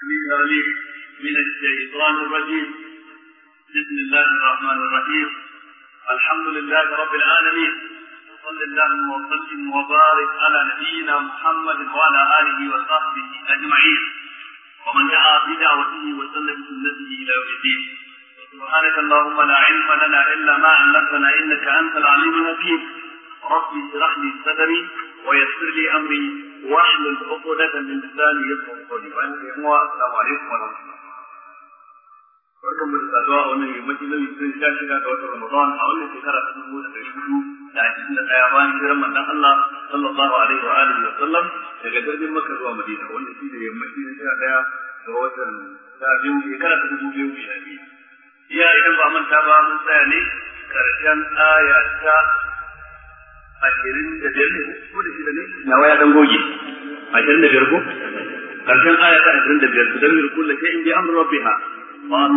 من الشيطان الرجيم بسم الله الرحمن الرحيم الحمد لله رب العالمين وصل اللهم وسلم وبارك على نبينا محمد وعلى اله وصحبه اجمعين ومن دعا بدعوته وسلم بسنته الى يوم الدين سبحانك اللهم لا علم لنا الا ما علمتنا انك انت العليم الحكيم ربي اشرح لي صدري ويسر لي امري واحلل عقدة من لساني يفقهوا قولي وأن يموا السلام عليكم ورحمة الله barkan da saduwa a wannan yammaci na sun sha shida ga watan ramadan a wannan shekara ta dubu da dari hudu da ashirin da ɗaya bayan hijirar manzon Allah sallallahu alaihi wa alihi wa sallam daga jirgin Makka zuwa Madina wanda shi da yammaci na sha ɗaya ga watan sha biyu shekara ta dubu biyu da biyu. Iya idan ba manta ba mun tsaya ne aya ta ashirin da biyar ne ko da ne nawa ya dan goge ashirin da biyar ko karshen aya ta ashirin da biyar dan la rabbiha wa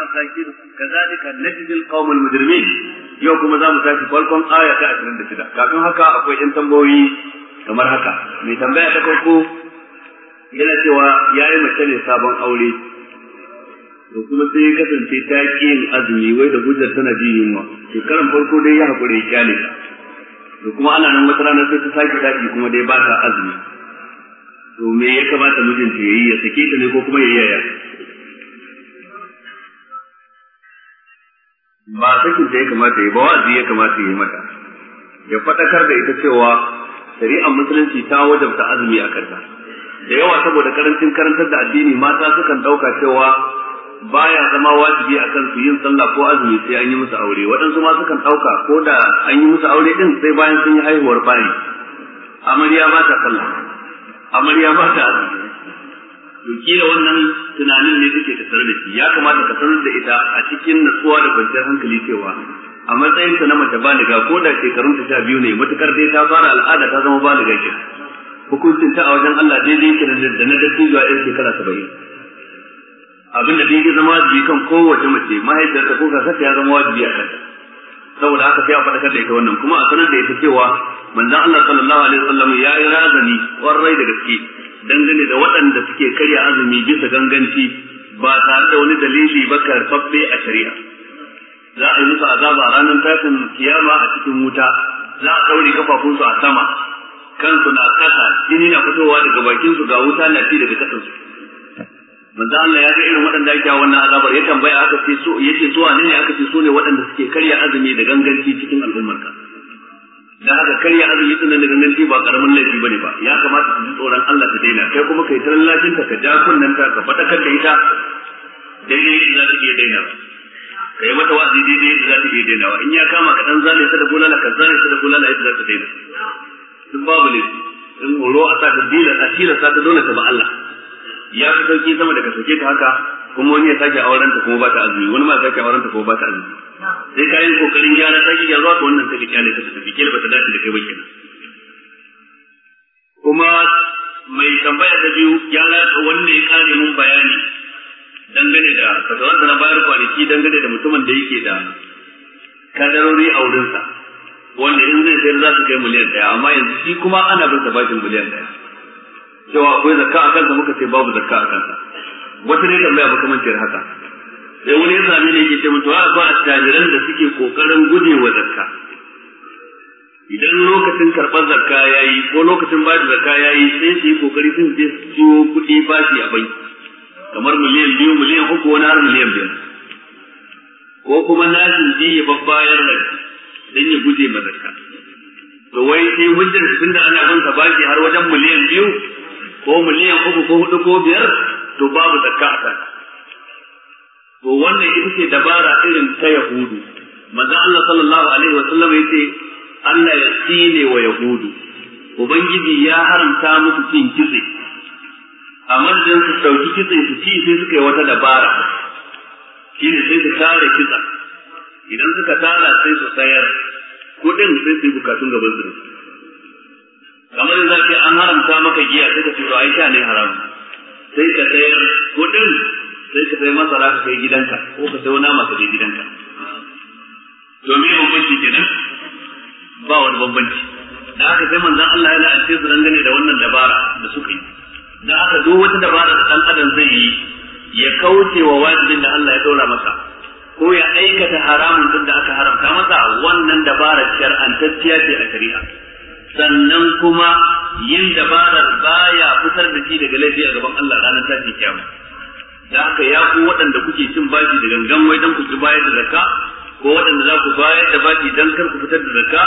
masakin yau kuma za mu tashi farkon aya ta ashirin da shida kafin haka akwai yan tambayoyi kamar haka mai tambaya ta farko yana cewa yayi mace ne sabon aure to kuma sai ya kasance ta ke yin azumi wai da hujjar tana ji wa. shekaran farko dai ya haƙura ya kyale ta to kuma ana nan wata ranar sai ta sake tashi kuma dai ba ta azumi to me ya kamata mijinta ya yi ya sake ta ne ko kuma ya yi yaya ba sakin ta ya kamata ya ba wa'azi ya kamata ya yi mata ya faɗakar da ita cewa shari'ar musulunci ta wajabta azumi a kanta da yawa saboda karancin karantar da addini mata sukan ɗauka cewa baya zama wajibi akan su yin sallah ko azumi sai an yi musu aure waɗansu ma sukan ɗauka ko da an yi musu aure ɗin sai bayan sun yi haihuwar bayi amarya ba ta sallah amarya ba ta azumi kila wannan tunanin ne take ta da shi ya kamata ka sanar da ita a cikin natsuwa da kwanciyar hankali cewa a matsayin ta na mace ba baliga ko da shekarun ta sha biyu ne matukar dai ta fara al'ada ta zama baliga ke hukuncin ta a wajen Allah daidai yake da na dattijuwa yan shekara saba'in abin da dai zama wajibi kan kowace mace mahaifiyar ta ko ya zama wajibi a kanta saboda haka sai a faɗakar da ita wannan kuma a sanar da ita cewa manzon Allah sallallahu alaihi wasallam ya yi razani warrai da gaske dangane da waɗanda suke karya azumi bisa ganganci ba tare da wani dalili ba karfaffe a shari'a za a yi musu azaba a ranar tashin kiyama a cikin wuta za a ɗaure kafafunsu a sama kansu na ƙasa jini na fitowa daga bakinsu ga wuta na ci daga ƙasansu manzo Allah ya ga irin waɗanda yake wannan azabar ya tambaya aka ce su yace zuwa ne aka ce su ne waɗanda suke karya azumi da ganganci cikin al'ummarka dan haka karya azumi din da ganganci ba karamin laifi bane ba ya kamata ku ji tsoron Allah ta daina kai kuma kai tarin lafiyar ka ja kunnan ta ka kan da ita daidai yadda za ta iya daina kai mata wa'azi daidai yadda za ta iya dainawa in ya kama ka dan zale ta da bulala ka zale ta da bulala yadda za ta daina duk babu laifi in horo a sa ta dila a tilasta ta dole ta ba Allah ya ga sauki sama da ka ta haka kuma wani ya sake auren ta kuma ba ta azumi wani ma sake auren ta kuma ba ta azumi sai ka yi kokarin gyara sake gyara zuwa wannan sai ka kyale ta tafi kyale ba ta dace da kai ba kenan kuma mai tambaya ta biyu ya wanda ya kare mun bayani dangane da fatawar da na bayar kwanaki dangane da mutumin da yake da kadarori a wurinsa wanda in zai sayar za su kai miliyan ɗaya amma yanzu shi kuma ana bin sa bashin miliyan ɗaya cewa akwai zakka a kansa muka ce babu zakka a kansa wata ne tambaya ce haka sai wani ya sami ne yake ce mutu a ba attajiran da suke kokarin gujewa zakka idan lokacin karɓar zakka yayi ko lokacin ba da zakka yayi sai su yi kokari sun je su ciwo kuɗi bashi a banki kamar miliyan biyu miliyan uku wani har miliyan biyar ko kuma na ji ya babbayar da don ya guje ma zakka to wai sai hujjar da ana bin sa bashi har wajen miliyan biyu ko miliyan uku ko hudu ko biyar to babu zakka a kan to wannan ita ce dabara irin ta yahudu Maza Allah sallallahu alaihi wa sallam yace Allah ya tsine wa yahudu ubangiji ya haramta musu cin kitse a madadin su sauki kitse su ci sai suka yi wata dabara shine sai su tara kitsa idan suka tara sai su sayar kudin sai su yi bukatun gaban su kamar da ka an haramta maka giya sai ka ce aisha ne haram sai ka sayar kudin sai ka sai masara ka kai gidanka ko ka sai nama ka kai gidanka to me hukunci kenan ba wani bambanci da haka sai manzon Allah ya la'ace su gane da wannan dabara da suka yi da haka duk wata dabara da dan adam zai yi ya kauce wa wajibin da Allah ya daura masa ko ya aikata haramun din da aka haramta masa wannan dabara shar'antacciya ce a shari'a sannan kuma yin dabarar baya fitar da shi daga laifi a gaban Allah ranar tashin kiyama da haka ya ku waɗanda kuke cin baki da gangan wai don ku ci bayar da zakka ko waɗanda za ku bayar da baki dan kar ku fitar da zakka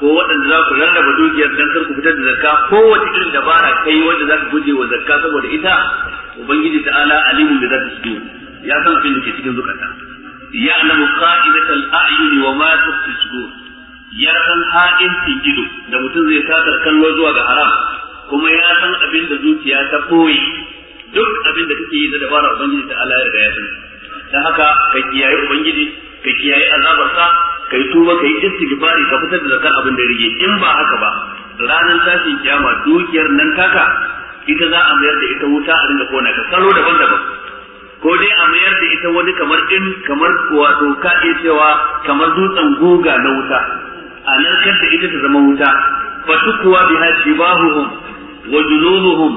ko waɗanda za ku rarraba dukiyar don kar ku fitar da zakka ko wace irin dabara kai wanda za ku guje wa zakka saboda ita ubangiji ta'ala alimun da za ta shigo ya san abin da ke cikin zukata ya alamu qa'idatal a'yun wa ma tukhfi sudur ya san cin da mutum zai satar kallo zuwa ga haram kuma ya san abin da zuciya ta koyi duk abin da kake yi da dabara ubangiji ta Allah ya riga ya san dan haka ka kiyaye ubangiji ka kiyaye azabarsa ka yi tuba ka yi istighfari ka fitar da zakar abin da rige in ba haka ba ranar tashin kiyama dukiyar nan taka ita za a mayar da ita wuta a rinda kona ka salo daban-daban ko dai a mayar da ita wani kamar in kamar wato ka cewa kamar dutsen goga na wuta a narkar da ita ta zama wuta fa tukwa biha shibahuhum wa junubuhum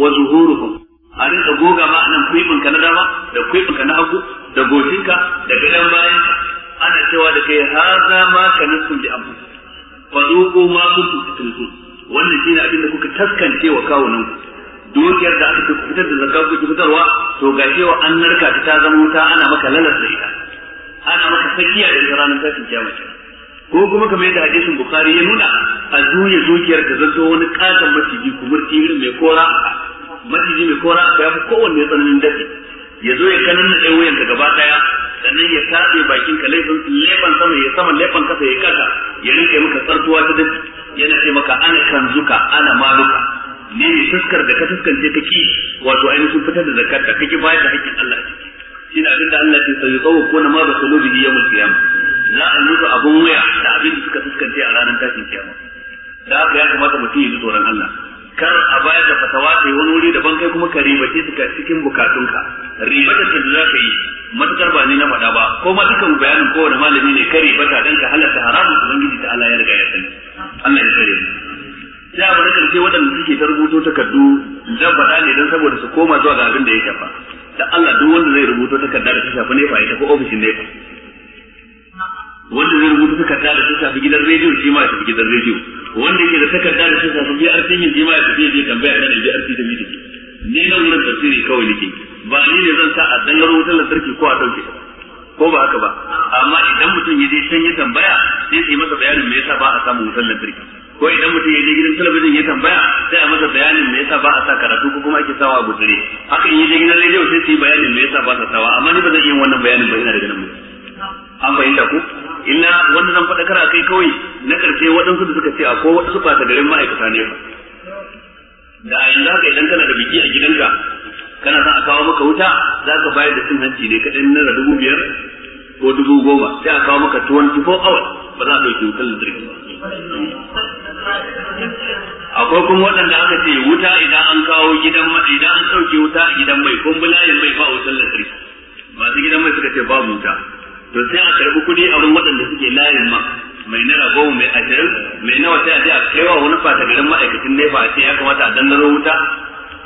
wa zuhuruhum a rinka goga ma nan kuibin ka na dama da kuibin ka na hagu da goshinka da gadon bayan ana cewa da kai haza ma kanastum bi abu fa zuqu ma kuntu tukrizun wannan shine abin da kuka taskance wa kawunan dukiyar da aka fitar da zakka kuke fitarwa to ga cewa an narka ta zama wuta ana maka lalata da ita ana maka sakiya da ranar tashin kiyama ko kuma kamar yadda hadisin bukhari ya nuna a zuya zuciyar ka zanto wani katon maciji kumurti irin mai kora maciji mai kora ya fi kowanne tsananin dafi ya zo ya kanan na ɗaya ka gaba ɗaya sannan ya tatse bakin ka laifin leban sama ya sama leban kasa ya kasa ya rike maka tsartuwa ta dafi yana ce maka ana zuka ana maluka ne ne fuskar da ka fuskance ta ki wato ainihin fitar da zakar ka kake bayar da haƙƙin Allah ciki shi ne abinda Allah ke sai tsawo ko na ma da sulubi ya qiyamah za a rufe abin wuya da abin da suka fuskanci a ranar tashin kiyama da haka ya kamata mutum ya ji tsoron Allah kar a bayar da fatawa kai wani wuri daban kai kuma ka ribace su cikin bukatunka ribata ta da za ka yi matakar ba ni na faɗa ba ko ma dukkan bayanin kowane malami ne ka ribata dan ka halarta haramun ubangiji ta Allah ya riga ya sani Allah ya tsare mu sai abu na karshe waɗanda suke ta rubuto takardu dan faɗa ne don saboda su koma zuwa ga abin da ya shafa da Allah duk wanda zai rubuto takarda da ta shafi nefa ya ko ofishin nefa wanda zai rubuta takarda da ta shafi gidan rediyo shi ma ya tafi gidan rediyo wanda yake da takarda da ta shafi biyar tinyin shi ma ya tafi je tambaya nan da biyar tinyin miki ni nan wurin tafsiri kawai nake ba ni ne zan sa a dangar wutar lantarki ko a dauke ko ba haka ba amma idan mutum ya je can ya tambaya sai sai masa bayanin me yasa ba a samu wutar lantarki ko idan mutum ya je gidan talabijin ya tambaya sai a masa bayanin me yasa ba a sa karatu ko kuma ake sawa a gudure haka in ya je gidan rediyo sai su yi bayanin me yasa ba sa sawa amma ni ba zan iya wannan bayanin ba ina da ganin mu an fahimta ko illa wanda zan faɗakar a kai kawai na ƙarshe waɗansu da suka ce a ko waɗansu ba garin ma'aikata ne ba da a yanzu haka idan kana da biki a gidanka kana son a kawo maka wuta za ka bayar da cin hanci ne kaɗai naira dubu biyar ko dubu goma sai a kawo maka twenty four hours ba za a ɗauki wutar lantarki ba akwai kuma waɗanda aka ce wuta idan an kawo gidan idan an ɗauke wuta a gidan mai kumbulayin mai ba wutar lantarki masu gidan mai suka ce babu wuta to sai a karbi kuɗi a wurin waɗanda suke layin ma mai naira goma mai ashirin mai nawa sai a je a kaiwa wani fata garin ma'aikacin nefa a ce ya kamata a dandano wuta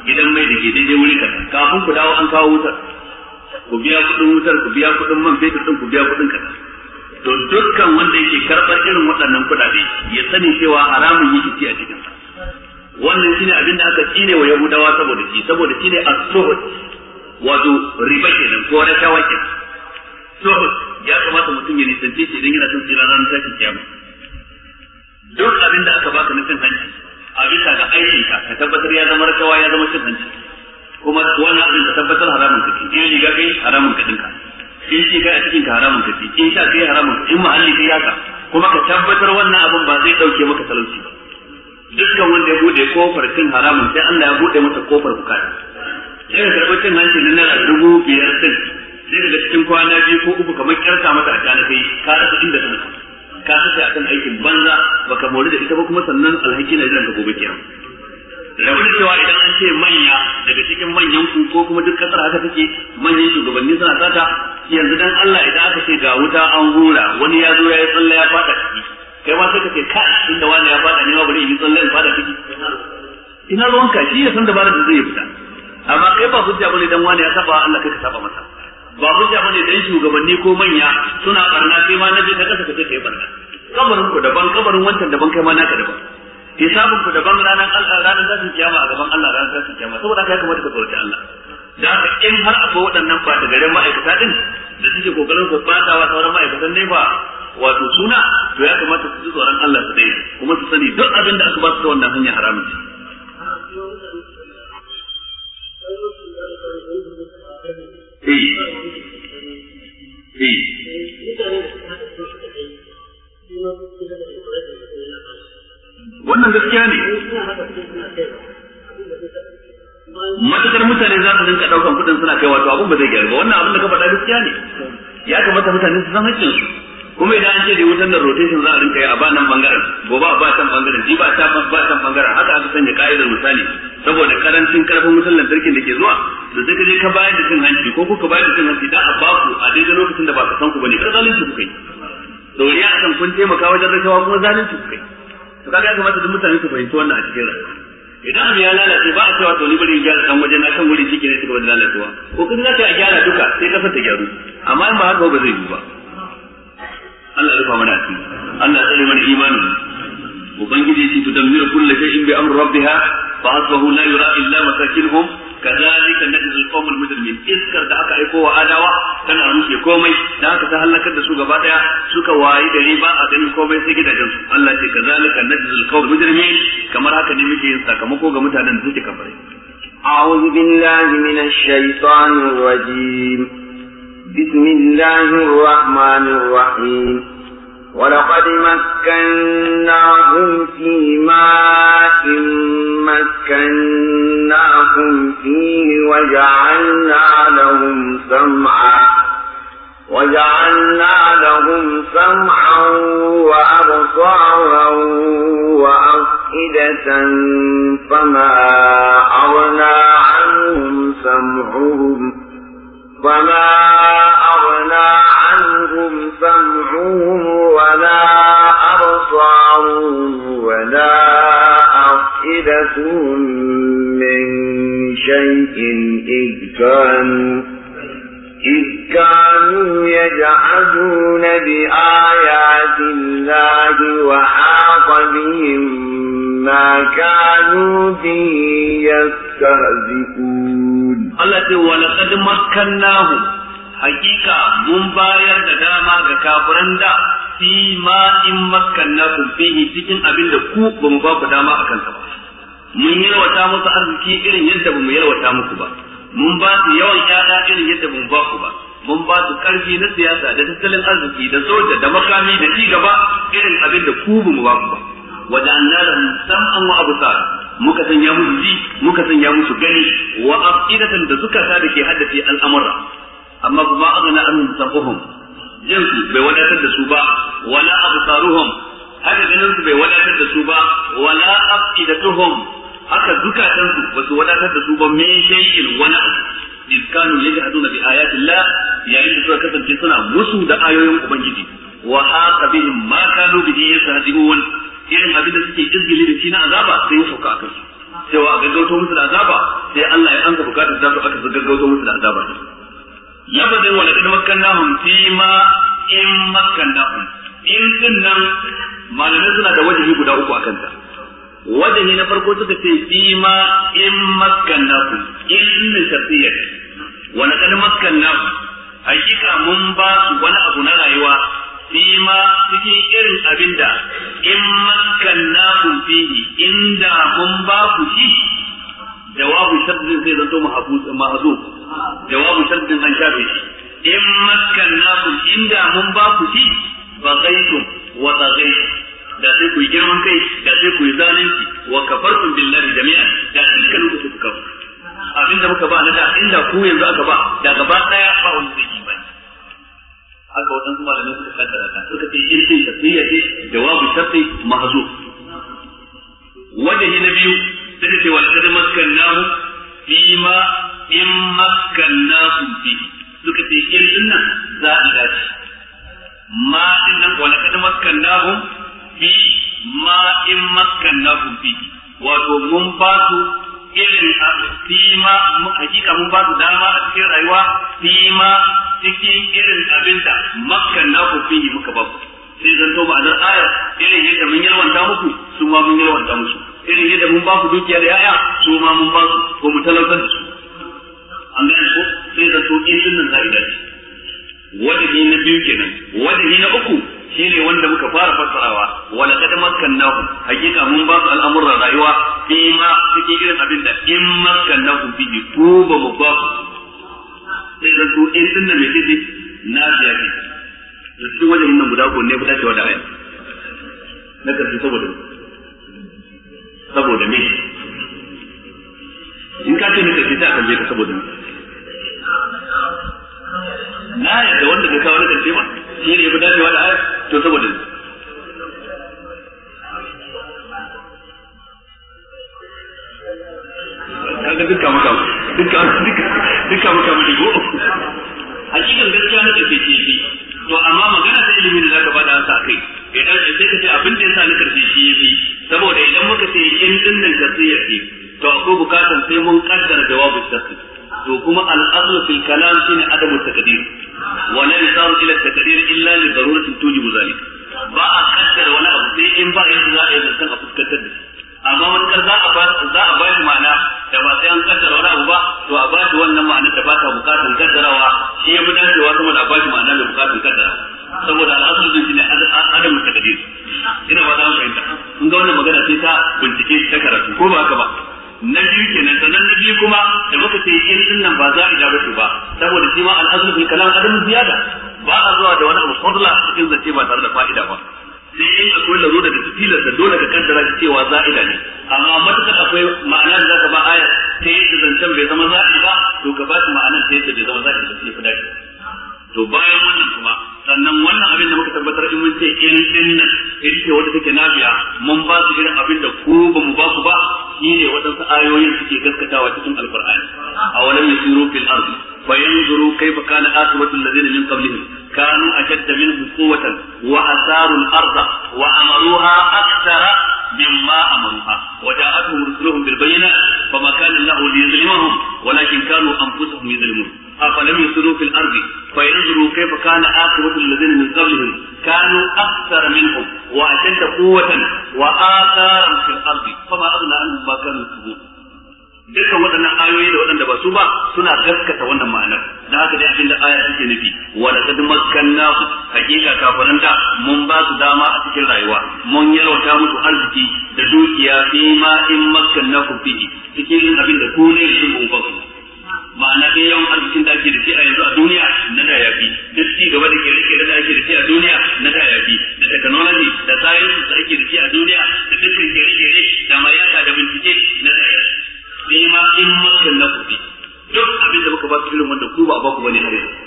gidan mai da ke daidai wuri ka? kafin ku dawo an kawo wutar ku biya kuɗin wutar ku biya kuɗin man fetur ɗin ku biya kuɗin ka. to dukkan wanda yake karɓar irin waɗannan kuɗaɗe ya sani cewa haramun yake ci a cikin wannan shine abin da aka tsine wa yahudawa saboda shi saboda shine as-suhud wato riba kenan ko rashawa kenan zuhud ya kamata mutum ya nisance shi idan yana son tsira ranar tashin kiyama duk abin da aka baka na cin hanci a bisa ga aikin ka tabbatar ya zama rakawa ya zama cin hanci kuma wannan abin ka tabbatar haramun kake in riga kai haramun ka in shi kai a cikin ka haramun kake in sha kai haramun in muhalli kai haka kuma ka tabbatar wannan abin ba zai dauke maka talauci ba dukkan wanda ya bude kofar cin haramun sai Allah ya bude masa kofar bukata sai ka karɓi cin hanci na naira dubu biyar sai sai daga cikin kwana biyu ko uku kamar kyarta mata a kana kai ka rasa inda ta nufa ka rasa akan aikin banza baka mori da ita ba kuma sannan alhaki na jiran ka gobe kiyama da wani cewa idan an ce manya daga cikin manyan ku ko kuma duk kasar haka take manyan shugabanni suna sata yanzu dan Allah idan aka ce ga wuta an hura wani ya zo ya yi tsalle ya fada ciki kai ma sai ka ce ka inda wani ya fada ne ma bari yi tsalle ya fada ciki ina ruwan ka shi ya san dabarar da zai fita amma kai ba hujja bane dan wani ya saba Allah kai ka saba masa ba hujja bane dai shugabanni ko manya suna barna sai ma naje ka kasa kace kai barna kamarin ku daban kamarin wancan daban kai ma naka daban hisabun ku daban ranar Allah ranar zasu kiyama a gaban Allah ranar zasu kiyama saboda haka ya kamata ka tsoraci Allah da haka in har akwai waɗannan ba da garin ma'aikata din da suke kokarin su fada wa sauran ma'aikatan ne ba wato suna to ya kamata su ji tsoron Allah su dai kuma su sani duk abin da aka ba su ta wannan hanya haramun ne wannan gaskiya ne matukar mutane za su rinka daukan kudin suna kai wato abin ba zai gyaru ba wannan abin da ka faɗa gaskiya ne ya kamata mutane su san hakkin su kuma idan an ce da wutar nan rotation za a rinka yi a banan bangaren gobe a ba can bangaren ji ba ta ba can bangaren haka aka sanya ka'idar misali saboda karancin karfin wutar lantarkin da ke zuwa da zai ka je ka bayar da cin hanci ko kuka bayar da cin hanci da a baku a daidai lokacin da ba ka san ku bane kar zalunci kuka yi dauriya a kan kun taimaka wajen rashawa kuma zalunci kuka yi to kaga ya kamata duk mutane su fahimci wannan a cikin rayuwa idan abu ya lalace ba a cewa to ni bari in gyara kan waje na kan wuri shi ne suka wani lalacewa ko kun za a gyara duka sai ka ta gyaru amma in ba haka ba zai yi ba Allah ya rufa mana asiri Allah ya tsare mana imanin ubangiji shi tudammiru kullu shay'in bi amri rabbiha fa asbahu la yura illa masakinhum kadhalika najzi al-qawm al-mujrimin iskar da aka aiko wa adawa tana rushe komai da haka ta halakar da su gaba daya suka wayi gari ba a ganin komai sai gidajen Allah ce kadhalika najzi al-qawm al-mujrimin kamar haka ne muke yin sakamako ga mutanen da suke kafare أعوذ بالله من الشيطان الرجيم بسم الله الرحمن ولقد مكناهم في ماء مكناهم فيه وجعلنا لهم سمعا وجعلنا لهم سمعا وأبصارا وأفئدة فما أغنى عنهم سمعهم فما hakika mun bayar da dama ga kafiran da fi ma in maskanna ku fihi cikin abin da ku ba mu ba ku dama a kanta ba mun yalwata musu arziki irin yadda ba mu yalwata musu ba mun ba su yawan yada irin yadda ba mu ba ku ba mun ba su karfi na siyasa da tattalin arziki da soja da makami da ci gaba irin abin da ku ba mu ba ku ba وجعلنا لهم سمعا وابصارا muka sanya musu ji muka sanya musu gani wa afidatan da suka sa da ke haddace al'amura amma ba ma'azana an tafuhum jinsu bai wadatar da su ba wala absaruhum haka ganin su bai wadatar da su ba wala afidatuhum haka zukatan su ba su wadatar da su ba min shay'in wala iskanu yajhaduna bi ayatillah yayin da suka kasance suna musu da ayoyin ubangiji wa haqa bihim ma kanu bihi yastahzi'un irin abin da suke izgili da shi na azaba sai ya sauka akan su cewa gaggauto musu da azaba sai Allah ya ansa bukatar da su aka gaggauto musu da azaba lafazin wani kan makkannahum fi ma in makkannahum in din nan malamai suna da wajibi guda uku akan ta wajibi na farko suka ce fi ma in makkannahum in din tafsir wani kan makkannahum hakika mun ba su wani abu na rayuwa fi ma cikin irin abin da in makkannahum fihi inda mun ba ku shi jawabu shabdin zai zanto mahzuf jawabu shaddin an in makkannakum inda mun ba ku shi fa qaitum wa tagaitum da sai ku girman kai da sai ku yi zalunci wa kafartum billahi jami'an da dukkan ku kafa abinda muka ba na da inda ku yanzu aka ba da gaba daya ba wani zai yi ba haka waɗansu malamai suka kaddara ta suka ce irkin shafiya ce jawabu shafi mahzuf wajahi na biyu sai ce wa laqad makkannahum fima in makkannahum fi suka ce in dinnan za a dace ma wani kada laqad makkannahum fi ma in makkannahum fi wato mun ba su irin fima hakika mun ba su dama a cikin rayuwa fima cikin irin abinda makkannahum fi muka ba sai zan to ma'anar ayar irin yadda mun yalwanta muku su ma mun yalwanta musu irin yadda mun ba ku dukiya da yaya su ma mun ba su ko mu talautar da su an gane ko sai da su in sunan nan za'ida ce wajibi na biyu kenan wajibi na uku shine wanda muka fara fassarawa wala laqad makkannahu hakika mun ba su al'amuran rayuwa fi ma cikin irin abin da in makkannahu fi tuba mu ba sai da su in sunan mai me na biya ne su wajen nan guda ko ne guda cewa da ayi na karshe saboda saboda me in ka ce na karshe ta je ka saboda me na yadda wanda ka kawo na karshe ba shi ne ya fi dacewa da ayar to saboda kaga duka muka duka duka duka muka mu digo hakikan gaskiya na kace ce shi to amma magana ta ilimi da ka bada sa kai idan sai ce abin da sa ni karshe shi yafi saboda idan muka ce in din nan kace yafi to akwai bukatan sai mun kaddara jawabin kace to kuma al fil kalam shine adamu takdir wa la yusaru ila takdir illa li daruratin tujibu zalik ba a kaddara wani abu sai in ba ya za a yi zartan a fuskantar da shi amma kar za a ba za a bayar ma'ana da ba sai an kaddara wani abu ba to a bashi wannan ma'ana da ba ta bukatun kaddarawa shi ya fi dacewa kuma da a bashi ma'ana da bukatun kaddarawa saboda al'asar din shi ne adam ta ina ba za mu fahimta kun ga wannan magana sai ta bincike ta karatu ko ba haka ba na biyu kenan sannan na biyu kuma da muka ce in din nan ba za a gaba ba saboda shi ma al'azmu fil kalam adam ziyada ba a zuwa da wani musalla cikin zance ba tare da fa'ida ba sai in akwai laro daga tilas da dole ka kaddara cewa za'ida ne amma matuƙar akwai ma'ana da zaka ba aya sai yadda zancen bai zama za'ida ba to ka ba shi ma'anar sai yadda bai zama za'ida ba sai ya fi dace to bayan wannan kuma sannan wannan abin da muka tabbatar in mun ce in din nan in ce wanda take nafiya mun ba su irin abin da ko ba mu ba ku ba shine waɗansu ayoyin suke gaskatawa cikin alqur'ani a wani walam yasiru fil ardi fayanzuru kayfa kana asbatu allazina min qablihim kanu ashadda minhum quwwatan wa asaru al arda wa amaruha akthara مما أمرها وجاءتهم رسلهم بالبينات فما كان الله ليظلمهم ولكن كانوا أنفسهم يظلمون أفلم يسروا في الأرض فينظروا كيف كان آخرة الذين من قبلهم كانوا أكثر منهم وأشد قوة وآثارا في الأرض فما أغنى عنهم ما كانوا يكسبون dukkan waɗannan ayoyi da waɗanda ba su ba suna gaskata wannan ma'anar da haka dai abin da aya take nufi wa laqad makkannahu hakika kafiran da mun ba su dama a cikin rayuwa mun yalwata musu arziki da dukiya fi ma in makkannahu fihi cikin abinda ko ne su ba ma'ana dai yawan arzikin da ake da shi a yanzu a duniya na da yafi da ci gaba da ke rike da ake da shi a duniya na da yafi da technology da science da ake da shi a duniya da dukkan kere-kere da mayaka da bincike na da yafi sai ma in makan na kuɗi duk abin da muka ba su ilimin wanda ku ba a ba ku bane har yanzu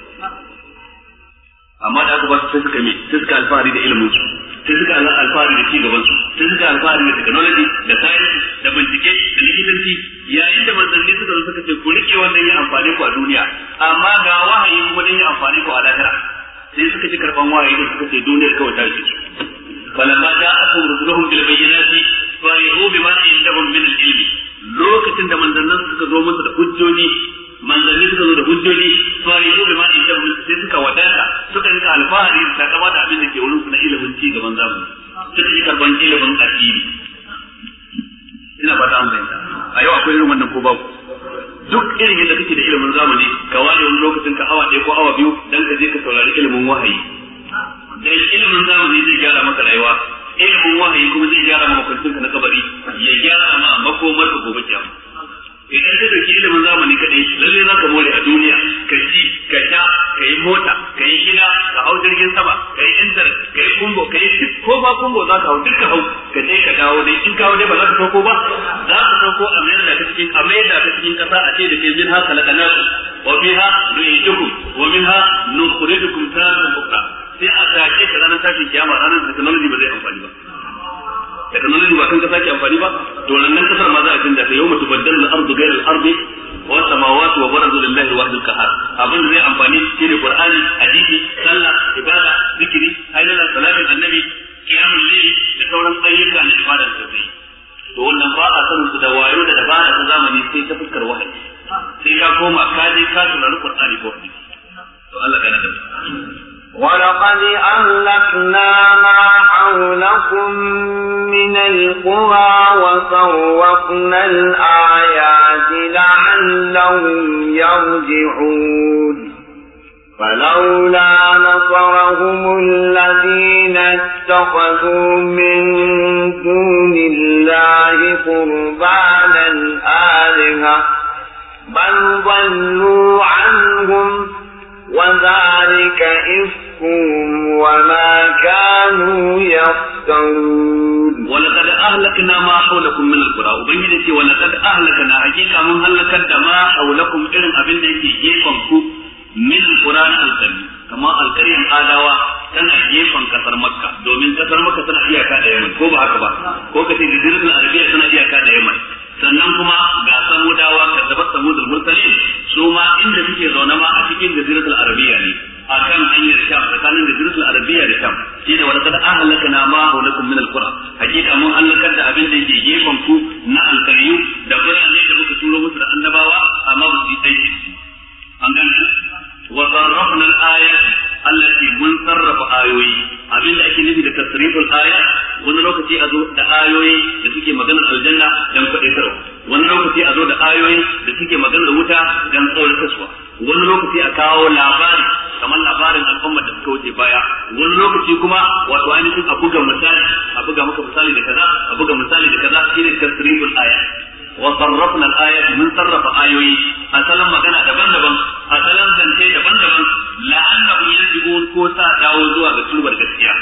amma da aka ba su sai suka me sai suka alfahari da ilimin su sai suka alfahari da cigaban su sai suka alfahari da technology da science da bincike da likitanci yayin da manzanni suka zo suka ce ku rike wannan ya amfani ku a duniya amma ga wahayi kuma dan ya amfani ku a lahira sai suka ci karban wahayi da suka ce duniyar kawai ta rikice falamma ja'atuhum rusuluhum bil bayyinati farihu bima indahum min al-ilm lokacin da manzannin suka zo musu da hujjoji manzanni suka zo da hujjoji farihu da ma in da sai suka wadata suka yi alfahari da takama da abin da ke wurin su na ilimin ci gaban zamani suka yi karban ilimin addini ina fata an bayyana a yau akwai irin wannan ko ku. duk irin yadda kake da ilimin zamani ka ware wani lokacin ka awa ɗaya ko awa biyu dan ka je ka saurari ilimin wahayi dan ilimin zamani zai gyara maka rayuwa ilimin wahayi kuma zai gyara maka kwanciyarka na kabari ya gyara ma makomar ka gobe kiyama idan ka dauki ilimin zamani kadai lalle za ka more a duniya ka ci ka sha ka yi mota ka yi gida ka hau jirgin sama ka yi intar ka yi kungo ka yi duk ko ba kungo za ka hau duk ka hau ka je ka dawo dai in kawo dai ba za ka sauko ba za ka sauko a mayar da ka cikin a mayar da ka cikin kasa a ce da ke haka ha kalakanaku wa biha nu'idukum wa minha nukhrijukum taratan ukhra sai a tashi ka ranar tashin kiyama ranar technology ba zai amfani ba da kanonin ba kan ka sake amfani ba to nan kasar ma za a jin canja ta yawma tubaddal al-ardu ghayra al-ardi wa samawati wa barzu lillahi wahdu al-qahar abin da zai amfani shine qur'ani hadisi sallah ibada zikiri ayyana salatin annabi qiyamul layl da sauran ayyuka na ibada da zai to wannan ba a sanin su da wayo da dabara ta zamani sai ta fuskar wahayi sai ka koma ka je ka tunani qur'ani ko hadisi to Allah kana da ولقد أهلكنا ما حولكم من القرى وصرفنا الآيات لعلهم يرجعون فلولا نصرهم الذين اتخذوا من دون الله قربانا آلهة بل ضلوا عنهم وذلك إفك أنفسهم وما كانوا يفترون ولقد أهلكنا ما حولكم من القرى وبنجد ولقد أهلكنا حقيقة من هلكت ما حولكم إلى أبن يجيكم من القرآن الكريم كما الكريم آدوا tana gefen kasar makka domin kasar makka tana iyaka da yaman ko ba haka ba ko ka jirgin sannan kuma ga samudawa ka zabar da mursalin su ma inda suke zaune ma a cikin jirgin arabiya ne akan hanyar sham tsakanin da jirgin arabiya da sham shi da walakad na ma hawlakum min alkura hakika mun halakar da abin da ke gefen ku na alkariyu da birane da muka turo musu da annabawa a ba su yi aiki an gane wa sarrafna al-ayat allati mun sarrafa ayoyi abin da ake nufi da tasriful aya wani lokaci a zo da ayoyi da suke maganar aljanna don kuɗe sarwa wani lokaci a zo da ayoyi da suke maganar wuta don tsaurin kasuwa wani lokaci a kawo labari kamar labarin al'ummar da suka wuce baya wani lokaci kuma wato ainihin a buga misali a buga maka misali da kaza a buga misali da kaza shine tasriful aya wa sarrafna al-ayat mun sarrafa ayoyi asalan magana daban-daban asalan zance daban-daban la'annahum yarji'un ko sa dawo zuwa ga turbar gaskiya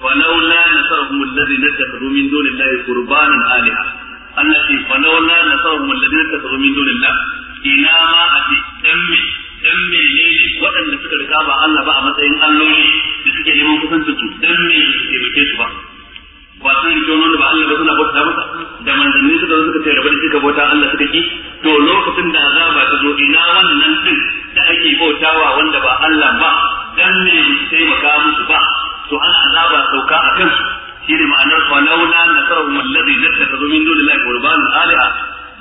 ولولا نصرهم الذين اتخذوا من دون الله قربانا آلهة التي فلولا نصرهم الذين اتخذوا من دون الله ina ma a ce dan mai dan me waɗanda suka riga ba Allah ba a matsayin alloli da suke neman kusancin su dan mai su taimake su ba ba sun rike wani ba Allah ba suna bauta masa da manzanni suka zo suka ce rabar suka bauta Allah suka ki to lokacin da ba ta zo ina wannan din da ake bautawa wanda ba Allah ba dan me su taimaka musu ba to an azaba sauka a kansu ne ma'anar falawla nasarahum alladhi nattakhadhu min wani qurbanan alaha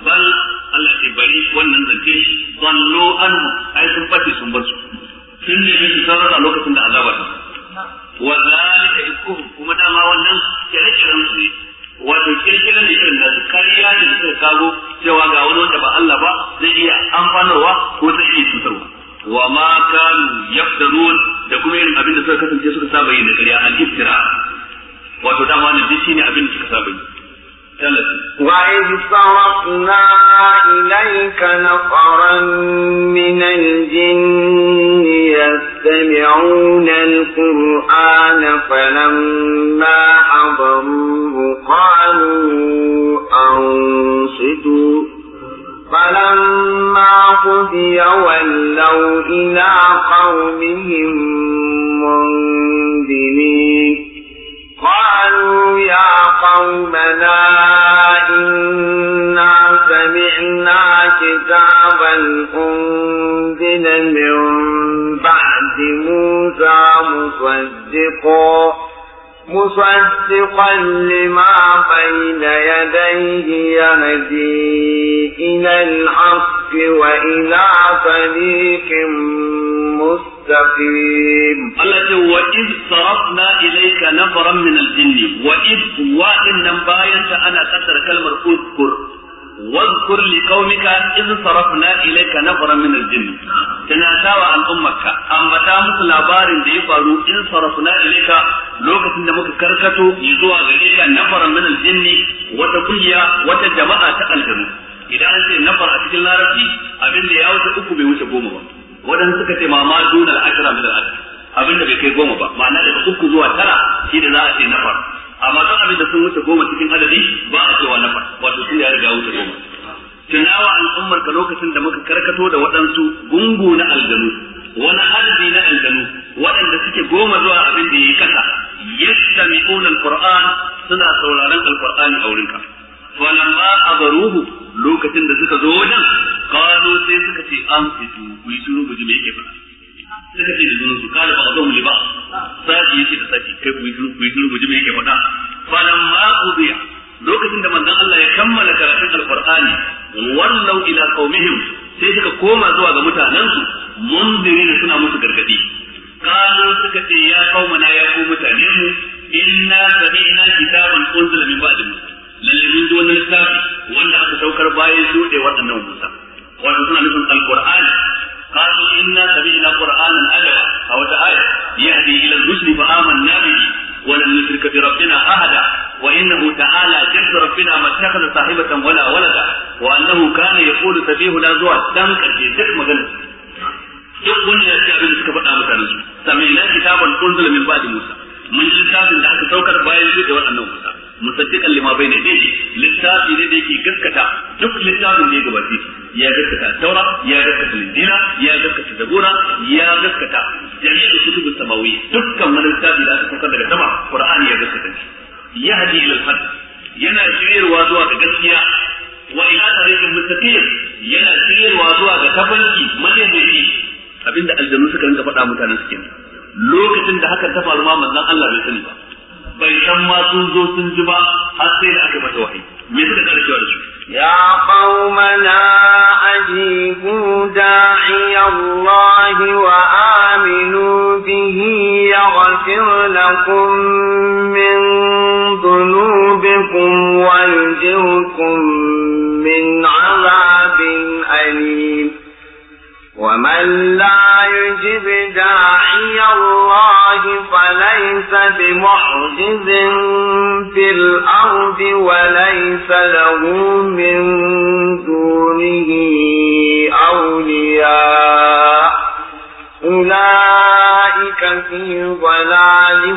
bal Allah ce bari wannan zance ballo an ai sun bace sun bar su sun ne su sarara lokacin da azaba ta wa zalika ikuhum kuma dama wannan kire-kiren su wato kirkiran da irin nasu kariya da suka kago cewa ga wani wanda ba Allah ba zai iya amfanarwa ko zai iya cutarwa wa ma kanu yaftarun da kuma irin abin da suka kasance suka saba yi da kariya al-iftira wato dama ne duk shine abin da suka saba yi وإذ صرفنا إليك نفرا من الجن يستمعون القرآن فلما حضروه قالوا أنصتوا فلما قضي ولوا إلى قومهم منذرين قالوا يا قومنا إنا سمعنا كتابا أنزل من بعد موسى مصدقا مصدقا لما بين يديه يهدي إلى الحق وإلى طريق مستقيم التي وإذ صرفنا إليك نفرا من الجن وإذ وإن باين أنا كسر كلمة اذكر واذكر لقومك إذ صرفنا إليك نفرا من الجن تناساوا عن أمك أم بتامك لابار دي فارو إذ صرفنا إليك لوكة نمك كركتو يزوى غريك نفرا من الجن وتقيا وتجماعة الجن إذا أنت نفر أتكلنا لاربي أبين لي أوت أكو بيوش قوم ودن سكتي ما ما دون العشرة من العشرة أبين لي كي قوم با معنى لك أكو زوى ترى إذا لا أتي نفر أما دون أبين لسنوة قوم تكين هذا دي با أتوا نفر lokacin da muka karkato da waɗansu gungu na aljanu ومن لا يجب داعي الله فليس بمعجز في الأرض وليس له من دونه أولياء أولئك في ضلال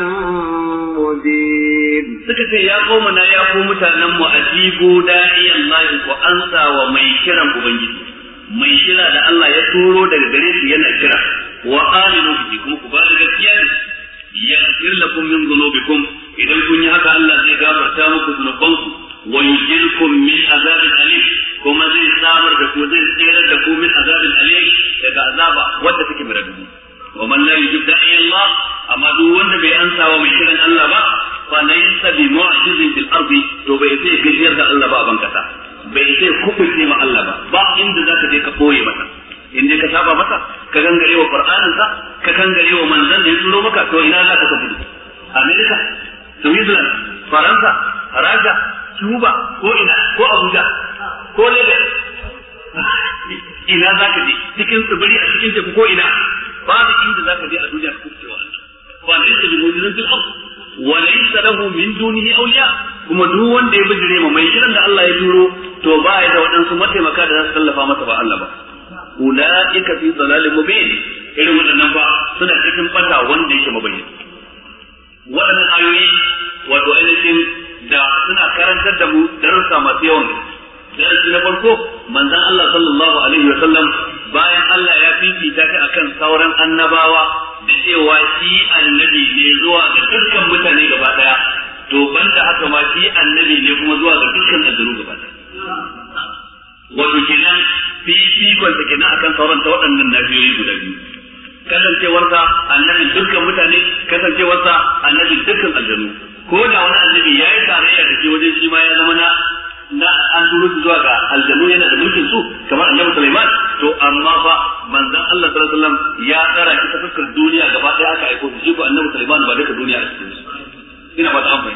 مبين سكت يا قومنا يا قوم متعلم وأجيبوا داعي الله وأنسى ومن كرم mai kira da Allah ya turo daga gare shi yana kira wa aminu bihi kuma ku ba da gaskiya da yaghfir lakum min dhunubikum idan kun yi haka Allah zai gafarta muku zunubanku wa yujirkum min azabin alim kuma zai samar da ku zai tsere da ku min azabin alim daga azaba wanda take murabi wa man la yujib da'i Allah amma duk wanda bai ansa wa mai kiran Allah ba fa laysa bi mu'jizin fil ardi to bai sai gajiyar da Allah ba a kasa bai ce kubuce ma Allah ba ba inda zaka je ka koye masa in ka saba masa ka gangare wa Qur'anin sa ka gangare wa manzon da ya turo maka to ina za ka gudu America Switzerland Faransa Raja, Cuba ko ina ko Abuja ko Lagos ina za ka je cikin tsibiri a cikin teku ko ina ba inda za ka je a duniya ka kubuce wa Allah ba ne ke da mu'jizan fil wa laysa lahu min dunihi awliya kuma duk wanda ya bijire ma mai kiran da Allah ya turo to ba ya da waɗansu mataimaka da za su tallafa masa ba Allah ba ulaika fi dhalalin mubin irin waɗannan ba suna cikin bata wanda yake mabayyana waɗannan ayoyi wato ainihin da suna karantar da mu darussa masu yawan darasi na farko manzon Allah sallallahu alaihi wa sallam bayan Allah ya fifita ka akan sauran annabawa da cewa shi annabi ne zuwa ga dukkan mutane gaba daya to banda haka ma shi annabi ne kuma zuwa ga dukkan azuru gaba daya wato kenan fifikon ta kenan akan sauran ta waɗannan nafiyoyi guda biyu kasancewarsa annabi dukkan mutane kasancewarsa annabi dukkan aljanu ko da wani annabi ya yi tarayya da ke wajen shi ma ya zama na na an turo zuwa ga aljanu yana da mulkin su kamar annabi Sulaiman to amma fa manzon Allah sallallahu alaihi wasallam ya tsara shi ta fuskar duniya gaba ɗaya aka aiko shi ko annabi Sulaiman ba duka duniya a cikin shi ina ba ta amfani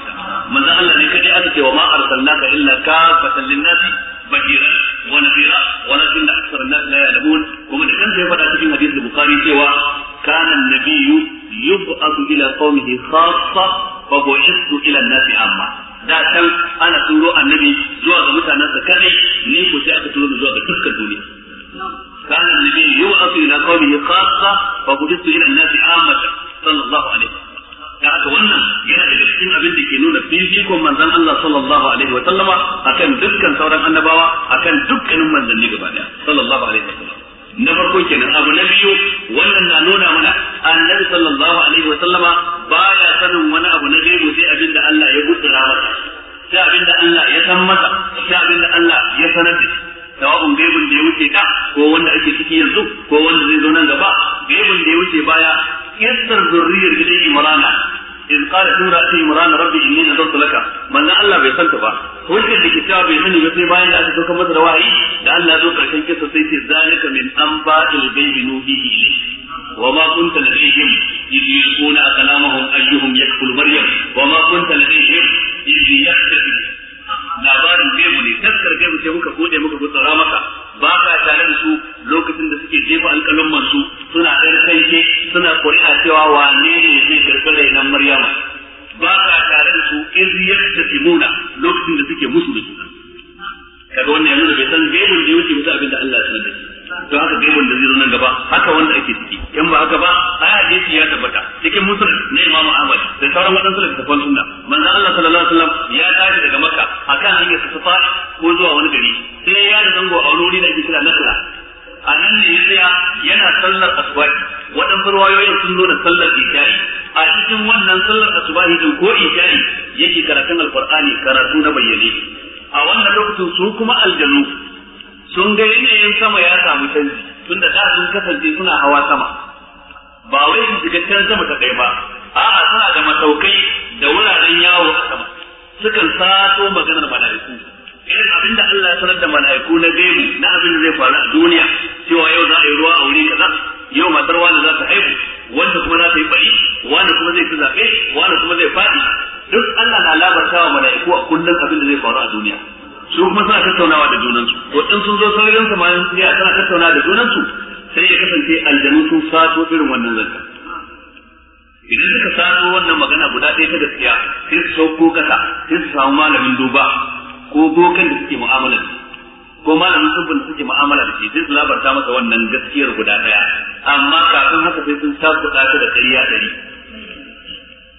manzon Allah ne kadai aka ce wa ma arsalnaka illa kafatan lin-nasi بشيرا ونذيرا ولكن اكثر الناس لا يعلمون ومن كان في فتاه في حديث البخاري سوى كان النبي يبعث الى قومه خاصه فبعثت الى الناس amma. da can ana turo annabi zuwa ga mutanen sa kadai ne ko sai aka turo zuwa ga dukkan duniya كان النبي يبعث إلى قومه خاصة فبعثت إلى الناس عامة صلى الله عليه وسلم da wannan yana daga cikin abin da ke nuna fifikon manzon Allah sallallahu alaihi wa sallama akan dukkan sauran annabawa akan dukkanin manzanni gaba daya sallallahu alaihi wa sallam na farko kenan abu na biyu wannan na nuna mana annabi sallallahu alaihi wa sallama baya sanin wani abu na gaibu sai abin da Allah ya gutsura masa sai abin da Allah ya san masa sai abin da Allah ya sanar da shi sawa'un gaibin da ya wuce ka ko wanda ake ciki yanzu ko wanda zai zo nan gaba gaibin da ya wuce baya kissar zurriyar gidan imrana in qala sura ta imran rabbi inni nadartu laka manzo Allah bai santa ba hujjar da kitaba bai sani ba sai bayan da aka sauka masa da wahayi da Allah zo karshen kissa sai ce zalika min anba'il ghaibi nuhihi ilayk wa ma kunta ladayhim idh yulquna kalamahum ayyuhum yakful maryam wa ma kunta ladayhim idh yahtadun labarin mu ne taskar mu ce muka bude muka gutsara maka ba ka tare da su lokacin da suke jefa alƙalon su suna ɗarkanke suna ƙuri'a cewa wane ne zai karɓi rainan maryama ba ka tare da su iz yaktasimuna lokacin da suke musu da juna kaga wannan yanzu da bai san gaibun da ya wuce musu abin da Allah ya sanar da shi don haka gaibun da zai zo nan gaba haka wanda ake ciki in ba haka ba hadisi ya tabbata cikin musul na imamu ahmad da sauran waɗansu da tafan sunna manzon Allah sallallahu alaihi wasallam ya tashi daga makka akan hanyar su fa ko zuwa wani gari sai ya da zango a wuri da ake kira nasra a nan ne ya tsaya yana sallar asubahi waɗansu ruwayoyin sun nuna sallar isha'i a cikin wannan sallar asubahi din ko isha'i yake karatun alqur'ani karatu na bayyane a wannan lokacin su kuma aljanu sun ga yanayin sama ya samu canji tunda da sun kasance suna hawa sama ba wai su shiga can sama ta kai ba a'a suna da masaukai da wuraren yawo a sama sukan sato maganar mala'iku irin abin da Allah ya sanar da mala'iku na gaibu na abin da zai faru a duniya cewa yau za a yi ruwa a wuri kaza yau matar wani za ta haihu wanda kuma za ta yi bari wani kuma zai ci zaɓe wani kuma zai faɗi duk Allah na labarta wa mala'iku a kullum abin da zai faru a duniya su kuma suna tattaunawa da junansu to in sun zo sararin samaniya suna tattaunawa da junansu sai ya kasance aljanu sun sato irin wannan zanka idan suka sato wannan magana guda ɗaya ta gaskiya sai su sauko kasa sai su samu malamin duba ko bokan da suke mu'amala da ko malamin sabbin suke mu'amala da shi sai su labarta masa wannan gaskiyar guda ɗaya amma kafin haka sai sun takuɗa ta da ƙarya ɗari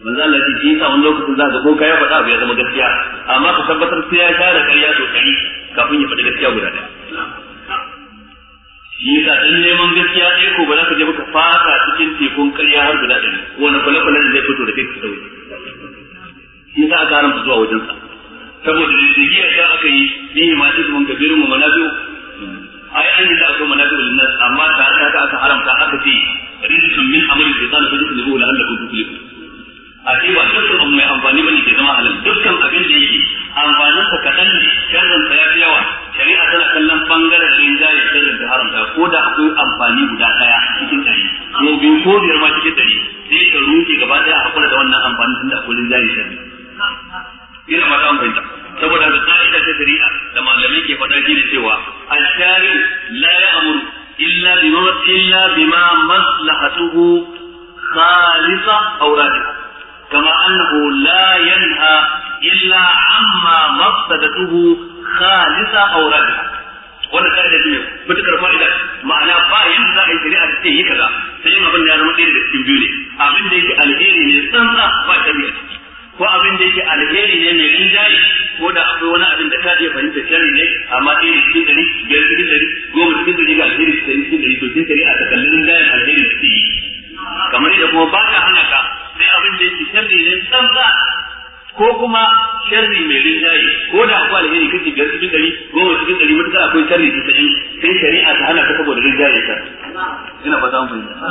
manzo Allah ya ce sa wani lokacin za ka ko ya faɗa abu ya zama gaskiya amma ka tabbatar sai ya share ƙarya sosai kafin ya faɗi gaskiya guda ɗaya shi yasa dan neman gaskiya ɗaya ko ba za ka je baka fasa cikin tekun ƙarya har guda ɗari wani kwale-kwale da zai fito da kai ka sauye shi yasa aka haramta zuwa wajensa saboda jirgi a aka yi ni ma ta zuwan kabirin mu a yi an yi da akwai manafi'u linnas amma tare da aka haramta aka ce rijisun min da shaitan da yuslihu la'allakum tuflihun a ce dukkan mai amfani bane ke zama halal dukkan abin da yake amfanin sa kadan ne sharrin sa yafi yawa shari'a tana kallon bangaren da ya da sharrin da haramta ko da akwai amfani guda daya cikin dari ko biyu ko biyar ma cikin dari sai ka rufe gaba daya a hakura da wannan amfani tun da akwai zai sharri ina ma ta amfani saboda da ka'ida ta shari'a da malamai ke faɗa shi ne cewa al shariu la ya'muru illa bima illa bima maslahatuhu utu'uhu khalisa aw radda wannan kai da ne mutakar fa'ida ma'ana ba yanda za a yi shari'a ta yi kaza sai yin abin da ya zama ɗaya da cikin biyu ne abin da yake alheri ne tsantsa ba shari'a ko abin da yake alheri ne mai rinjaye ko da akwai wani abin da ka iya fahimta shari'a ne amma ɗaya da cikin ɗari biyar cikin ɗari goma cikin ɗari ga alheri da cikin ɗari to cikin shari'a ta kalli rinjayen alheri da ke yi kamar yadda kuma ba ka hana ka sai abin da yake sharri ne tsantsa ko kuma sharri mai rinjaye ko da akwai alheri kashi biyar cikin dari goma cikin dari mutuka akwai sharri ta sa'in sai shari'a ta hana saboda rinjaye ta ina fata mun dan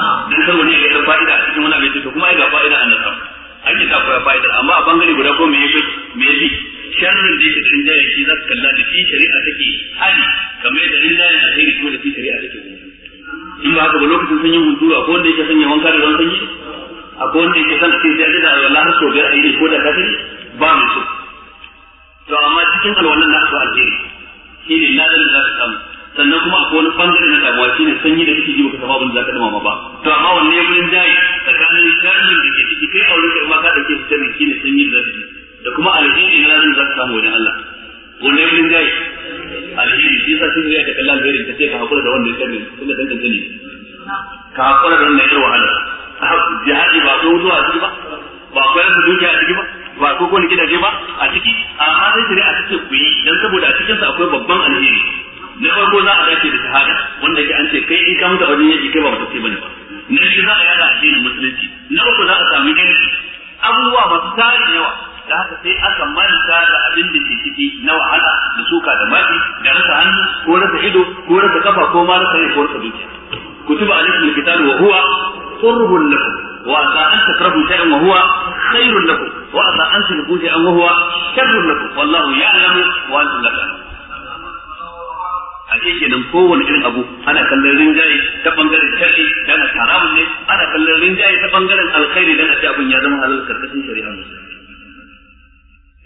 kar wani ya ga fa'ida a cikin wani bai to kuma ai ga fa'ida an nasa an yi ta koya fa'ida amma a bangare guda ko me yake me yake sharri da yake cikin dari shi za ka kalla da shi shari'a take hali kamar yadda rinjaye alheri ko da shi shari'a take in ba haka ba lokacin sanyin hunturu ko wanda yake sanya wanka da sanyi a yake sai da Allah har biyar ko da ba mai so to amma cikin alwalan na akwai alheri shi ne ladan da za ta samu sannan kuma akwai wani bangare na damuwa shi ne sanyi da kake ji baka samu abin da za ka dama ba to amma wanne ya gurin jayi tsakanin sharrin da ke ciki kai aure ka ma ka dauke shi sharrin shi ne sanyi da zaka da kuma alheri na ladan da za ka samu wajen Allah wanne ya gurin jayi alheri shi yasa shi ya ta alheri ta ce ka hakura da wanda wannan sharrin tunda dangantane ka hakura da wannan yar wahala jihadi ba so zuwa su ba ba akwai rasa dukiya a ciki ba ba ko ko gidaje ba a ciki amma sai shari'a a cikin ku yi saboda a cikin sa akwai babban alheri na farko za a dace da shahada wanda ke an ce kai in ka mutu wajen yaki kai ba mutum ce ba na biyu za a yada addinin musulunci na uku za a samu yanci abubuwa masu da yawa da haka sai aka manta da abin da ke ciki na wahala da suka da mafi, da rasa hannu ko rasa ido ko rasa kafa ko ma rasa rai ko rasa dukiya kutuba alaikum alkitabu wa huwa qurrun lakum wa asa an takrahu shay'an wa huwa خير لكم وأما أن تلقوا أن وهو شر لكم والله يعلم وأنتم لا تعلمون ake kenan kowane irin abu ana kallon rinjaye ta bangaren shari'a dan a ne ana kallon rinjaye ta bangaren alkhairi dan a ce abin ya zama halal karkashin shari'a musulmi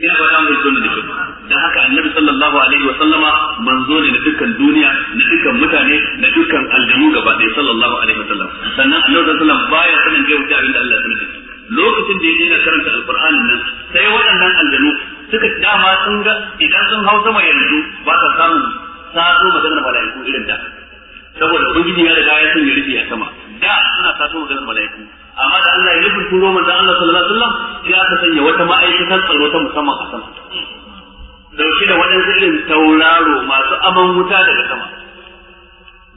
ina ba an gurgun da shi da haka annabi sallallahu alaihi wa sallama manzo ne na dukkan duniya na dukkan mutane na dukkan aljanu gaba ɗaya sallallahu alaihi wa sallam sannan annabi sallallahu alaihi wa sallam baya sanin da abin da Allah ya sanar lokacin da yake yana karanta alqur'anin nan sai waɗannan aljanu suka dama sun ga idan sun hau sama yanzu ba sa samun sato maganar mala'iku irin da saboda ubangiji ya riga ya sun yi rufi a sama da suna sato maganar mala'iku amma da Allah ya rufe turo manzo Allah sallallahu alaihi wasallam ya aka sanya wata ma'aikatan tsaro ta musamman a sama dauke da waɗansu irin tauraro masu aman wuta daga sama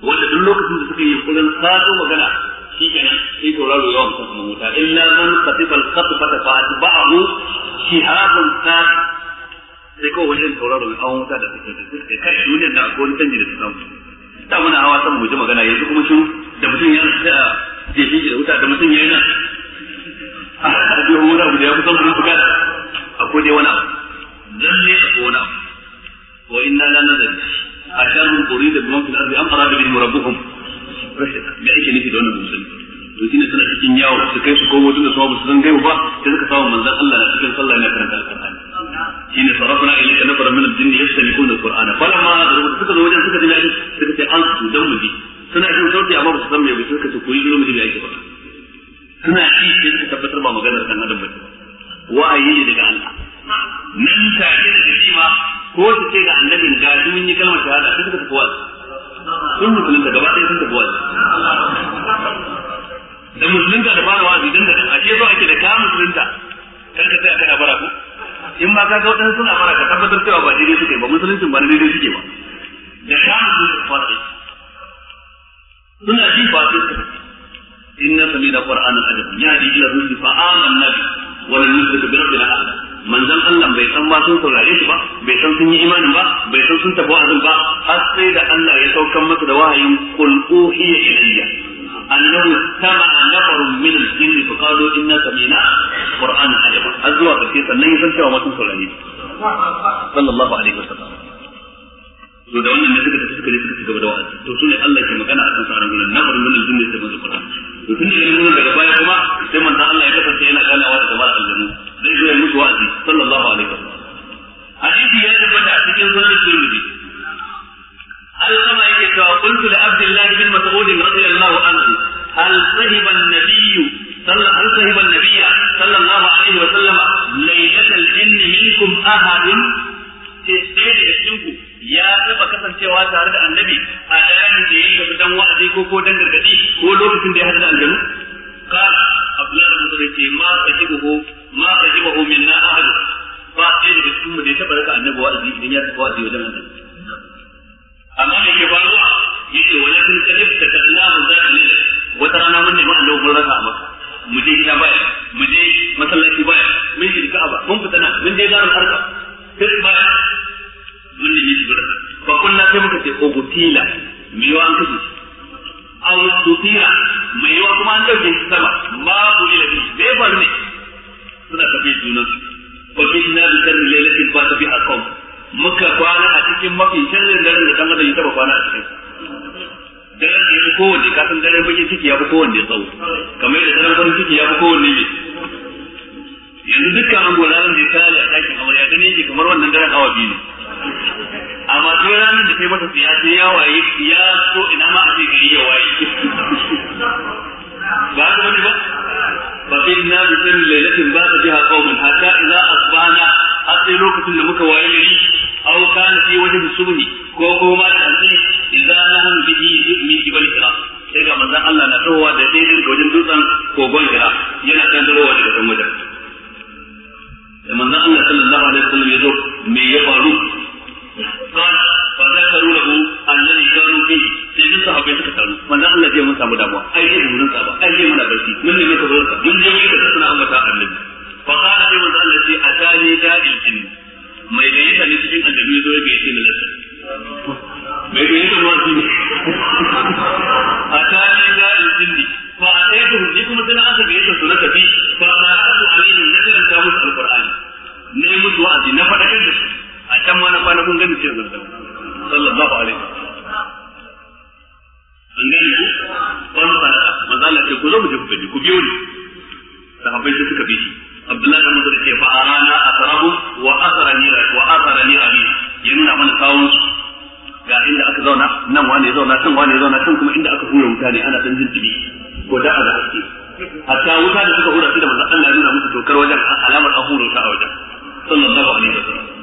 wanda duk lokacin da suka yi kullun sato magana shi kenan sai tauraro yawan mutum kamar wuta illa man qatifa al-qatfata fa atba'ahu shihabun thaq sai kawai wajen tauraro mai awon wuta da take da take kai shi wajen da akwai wani canji da ta samu ta muna hawa sama mu ji magana yanzu kuma shi da mutum ya rasa jefi da wuta da mutum ya yana. nan a harbi wani abu da ya kusan kuma bugar akwai dai wani abu lalle akwai wani abu wa inna la nadari a da urida bi man an fara da arada bihim rabbuhum rahila me ake nufi da wannan musulmi to shine suna cikin yawo su kai su komo tunda su su san gaiba ba sai suka samu manzon Allah na cikin sallah yana karanta alqur'ani shine sarafna ilayka nafara min al-jinn yastami'una al-qur'ana falamma suka zo wajen suka ji mai suka ce an su dan mu suna jin sauti amma ba su san me ba suka ce koyi zo mu ji mai ake suna ci sai suka tabbatar ba maganar dan adam ba wa'ayi ne daga Allah nan take da shi ma ko su ce ga annabin ga mun yi kalmar shahada sai suka tafi wa'azi sun musulunta gaba ɗaya sun tafi waje da musulunta da fara wazi dan da a ce zo ake da ka musulunta kan ka tsaya kana bara ku in ma ka ga wadansu suna bara ka tabbatar cewa ba daidai suke ba musuluncin ba daidai suke ba da ka musulunta fara aiki suna ji ba su suka inna samina qur'anan ajab yahdi ila rusli fa amanna bi wani lam yushrik bi rabbina ahada manzon Allah bai san ba sun saurare shi ba bai san sun yi imanin ba bai san sun tafi azan ba har sai da Allah ya saukar masa da wahayin qul uhiya ilayya annahu sama'a nafarun min al-jinn fa qalu inna sami'na qur'ana ajaba azwa zuwa sai sannan yasan san cewa masu saurare shi sallallahu alaihi wasallam to da wannan ne suka tafi suka da suka da wa'azi to sune Allah ke magana akan sa gurin nafarun min al-jinn sai mun qur'an to tun da daga baya kuma sai manzon Allah ya kasance yana ganawa da jama'ar aljanna zai zo mutu mutu azi sallallahu alaihi wa. hadisi ya zama da cikin sunan Tirmidhi Allah yake cewa kuntu da Abdullah bin Mas'ud radiyallahu anhu hal sahiba an-nabiy هل صاحب النبي صلى الله عليه وسلم ليلة الجن منكم أحد cikinku. ya taba kasancewa tare da annabi a daren da ya tafi dan wa'azi ko ko dan gargadi ko lokacin da ya hada da aljanu qala abdullah da ce ma tajibuhu ma min na ahadu ba sai da cikin mu da ya taba raka annabi azi idan ya tafi wa'azi wajen annabi amma ne ke faruwa yace wani sun kadib da a ne wata rana mun nema allahu mun raka maka mu je gida baya mu je masallaci baya mun shi ba mun fita nan mun je garin arka sai baya mun nemi shi ba fa kunna sai muka ce ogutila me yawa an kace aw sutira me yawa kuma an ɗauke shi sama ku buri da bai bar ne suna kafe junan su wa kinna bi sharri lailatin ba ta bi aqam muka kwana a cikin mafi sharrin da da kan adam ya taba kwana a cikin daren da ya kowanne ka san daren bakin ciki ya fi kowanne tsawo kamar yadda daren farin ciki ya fi kowanne ne yanzu dukkan an golaran da ya kare a ɗakin aure ya gane yake kamar wannan daren awa biyu ne amma sai ranar da kai mata siya sai ya waye ya so ina ma a zai gari ya waye ba haka wani ba بقينا بسر ليلة بات بها قوم حتى إذا أصبحنا حتى لوكة نمك وعيري أو كان في وجه الصبح كوكو ما تحسي إذا نحن به من جبل كرام sai ga manzon Allah na tsohuwa da daidai ga wajen dutsen kogon kira yana kan tsohuwa daga kan wajen da manzon Allah sallallahu alaihi wasallam ya zo me ya faru fa zakaru lahu annabi kanu bi sai duk sahabbai suka taru manzo Allah zai mun samu damuwa ai ne mun saba ai ne muna barci mun ne muka barka mun je mun da suna ambata annabi fa qala sai manzo Allah sai atani da'il jinn mai da yake ne cikin annabi zo yake cikin lafiya mai da yake ma shi atani da'il jinn fa ataitu ni kuma sai na aka ga yake sunan tafi fa ta musu musu na da a can gani sallallahu alaihi wasallam an gane ku ban fara maza ce ku zo mu je ku ku biyo ni Da sahabbai sai suka bi shi Abdullahi bin Mas'ud ce fa arana asrabu wa asrani wa asrani abi yana mana kawun ga inda aka zauna nan wani ya zauna can wani ya zauna can kuma inda aka hura wuta ne ana dan jin dibi ko da a haske hatta wuta da suka hura shi da manzon Allah ya nuna musu tokar wajen alamar an hura wuta a wajen sallallahu alaihi wasallam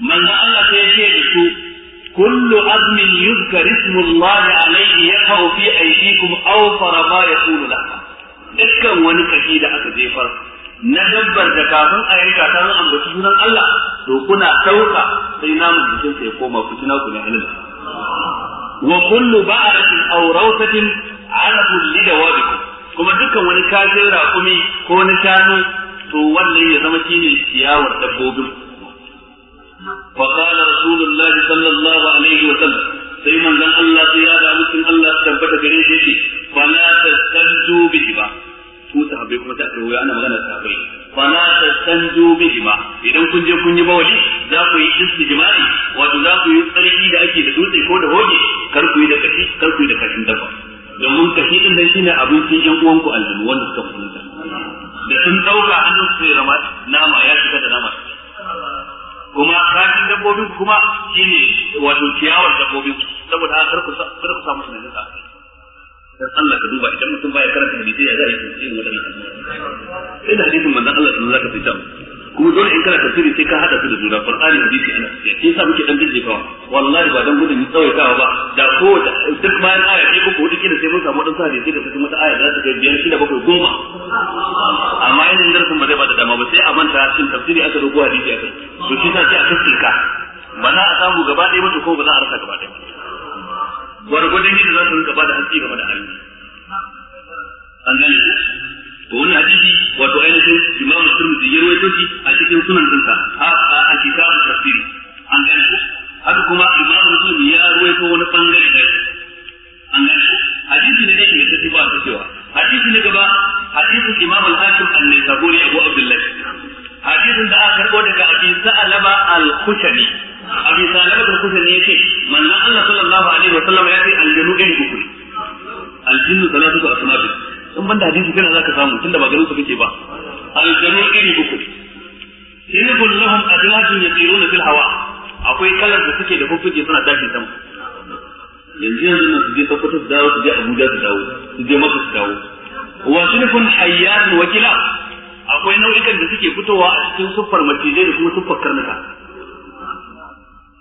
manzo Allah sai ya ce da su kullu azmin yuzkar ismullah alayhi yaqau fi aydikum aw farama yaqulu la dukkan wani kashi da aka jefar na dabbar da kafin a yanka ta zan ambaci sunan Allah to kuna sauka sai namu jikin sai koma ku tuna ku ne halal wa kullu ba'ratin aw rawsatin alafu lidawabikum kuma dukkan wani kafin raƙumi ko wani shanu to wannan ya zama shine ciyawar dabbobin وقال رسول الله صلى الله عليه وسلم sai manzon Allah sai ya da mutum Allah ya tabbata gare shi yake fa la tastanju bihi ba su sahabbai kuma ta kai ana magana sahabbai fa la tastanju bihi idan kun je kun yi bawali za ku yi jima'i? wato za ku yi tsarki da ake da dutse ko da hoge kar ku yi da kashi kar ku yi da kashin dafa. domin kashi din dai shine abincin yan uwanku aljanu wanda suka kullunta da sun dauka an su rama nama ya shiga da nama kuma kashin dabbobin kuma shi ne wato ciyawar dabbobin saboda haka kar ku kar ku samu tunanin sa dan Allah ka duba idan mutum baya karanta hadisi ya zai yi irin wannan sai da hadisin manzon Allah sallallahu alaihi wasallam kuma dole in kana tafsiri sai ka hada su da juna qur'ani hadisi ana sai sa muke dan jajjefawa wallahi ba dan gudun tsawaitawa ba da ko duk bayan aya ce ko hudu kina sai mun samu dan hadisi da mata aya za ta kai biyar da bakwai goma amma in darasin sun zai ba da dama ba sai a manta shin tafsiri aka dogo hadisi aka to shi sa sai a tafsirka ba a samu gaba ɗaya mutu ko ba za a rasa gaba ɗaya gwargwadon yadda za su rinka ba da haske game da hannu? an gane to wannan hadisi wato ainihin imam turmudi ya rawaito shi a cikin sunan dinsa a kitabu tafsiri an gane haka kuma imam muslim ya rawaito wani bangare da an gane ko hadisi ne dai ya tafi ba ta cewa hadisi ne gaba hadisin imam al-hakim an-nisaburi abu abdullah hadisin da aka karbo daga abi sa'alaba al-khushani abi sa'alaba al-khushani yace manzo Allah sallallahu alaihi wasallam ya ce aljannu ɗin uku aljannu salatu asma'i in banda hadisi kana zaka samu tunda ba garin su kake ba aljaru iri uku sinifun lahum adlajun yatiruna fil hawa akwai kalar da suke da fuffuke suna tashi sama yanzu yanzu nan su je sokoto da su je abuja su dawo su je maka su dawo wa sinifun hayyatun wakila akwai nau'ikan da suke fitowa a cikin siffar macizai da kuma siffar karnuka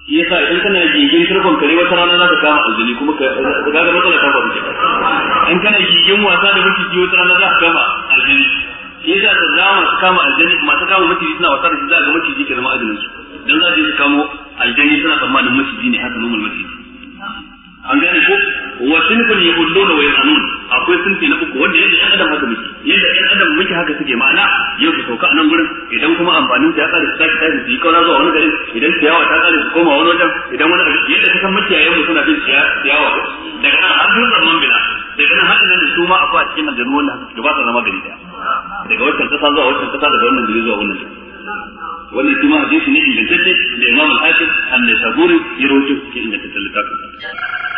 yasa idan kana gigin turkon kare wata rana za ka kama aljini kuma ka ga matsala ta faru in kana gigin wasa da mutum wata rana za ka kama aljini yasa ta zama su kama aljini masu kama maciji suna wasa da shi za ga maciji ke zama aljini su dan za su kamo aljini suna tsammanin mutum ne haka nomal mutum an gane ko wa sinfun yahulluna wa yanun akwai sinfi na uku wanda yadda ɗan adam haka muke yadda ɗan adam muke haka suke ma'ana yau su sauka a nan gurin idan kuma amfanin ta ya kare su tashi tashi su yi kauna zuwa wani garin idan ciyawa ta kare su koma wani wajen idan wani abin yadda kasan makiyayen mu suna bin ciyawa daga nan har zuwa man bila daga nan haɗin nan su ma akwai a cikin aljanu wanda haka ba sa zama gari daya daga wancan kasa zuwa wancan kasa daga wannan gari zuwa wannan gari wannan shi ma hadisi ne ingantacce da imam al-hakim an saburi ya rawaito cikin ingantaccen littafin